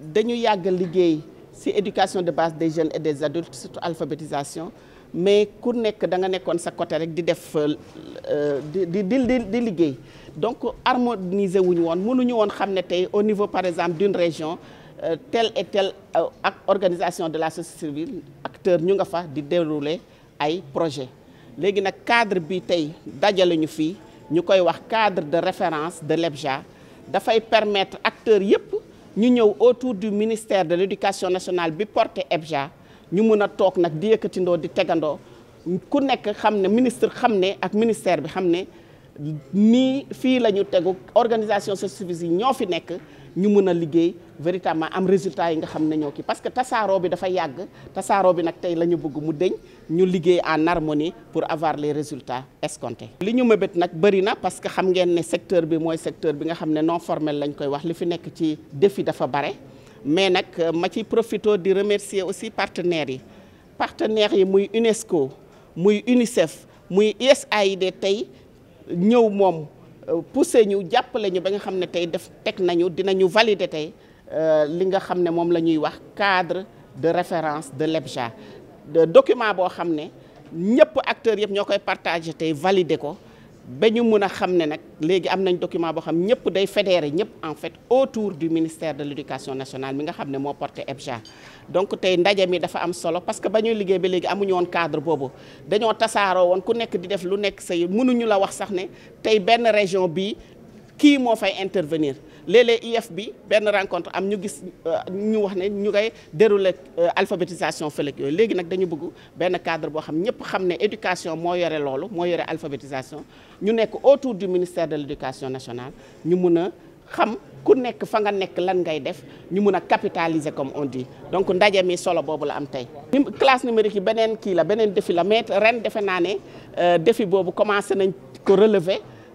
nous avons liggéey ci éducation de base des jeunes et des adultes surtout alphabétisation mais ku nekk da nga nekkoon côté rek di euh, donc harmoniser nous avons mënuñu au niveau par exemple d'une région euh, telle et telle euh, organisation de la société civile acteurs nous avons fa di dérouler ay projet léegi cadre bi tey ñu cadre de référence de l'EBJA dafay permettre acteurs nous ñëw autour du ministère de l'éducation nationale bi porté EBJA Nous Nous été en que di yëkkatindoo di ku ministre ministère bi ni nationale organisation ñu mën a liggéey véritablement am résultat yi nga xamné ne parce que tasaaroo bi dafa yagg tasaaroo bi nak tay lañu bëgg mu deñ ñu liggéey en harmonie pour avoir les résultats escomptés. li ñu mëbët nak bari na parce que xam ngeen né secteur bi moy secteur bi nga xamné non formel lañ koy wax li fi nekk ci défi dafa baré mais nak euh, ma ci profito di remercier aussi partenaires yi partenaires yi muy UNESCO muy UNICEF muy USAID tay ñëw mom poussé ñu jàppale ñu ba nga xam ne tey def teg nañu dinañu valider tey euh, li nga xam ne moom la ñuy wax cadre de référence de l'EBJA document boo xam ne ñëpp acteurs yëpp ñoo koy partagé tey valider ko ba ñu mun a xam ne nag léegi am nañ document boo xam ñëpp day fédéré ñëpp en fait autour du ministère de l' éducation nationale mi nga xam ne moo porté EBJA donc tey ndaje mi dafa am solo parce que ba ñuy liggéey ba léegi amuñu woon cadre boobu dañoo tasaaroo woon ku nekk di def lu nekk say mënuñu la wax sax ne tey benn région bii kii moo fay intervenir léeg-léeg IF rencontre am ñu gis euh, ñu wax ne ñu koy dérouler euh, alphabétisation fëlëg yooyu léegi dañu bëgg cadre boo xam ñëpp xam éducation moo yore loolu alphabétisation ñu nekk autour du ministère de l'éducation nationale ñu mun xam ku nekk fa nga nekk lan ngay def ñu mëna capitaliser comme on dit donc ndaje mi solo bobu la am tay classe numérique benen ki la benen défi la mais ren defé nané euh, défi bobu commencé nañ ko relever.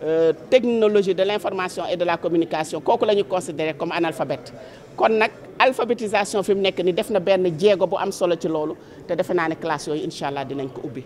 Euh, technologie de l'information et de la communication kooku la ñu considéré comme analphabète kon nag alphabétisation fi mu nekk ni def na benn jéego bu am solo ci loolu te defe naa ne classe yooyu incha allah dinañ ko ubbi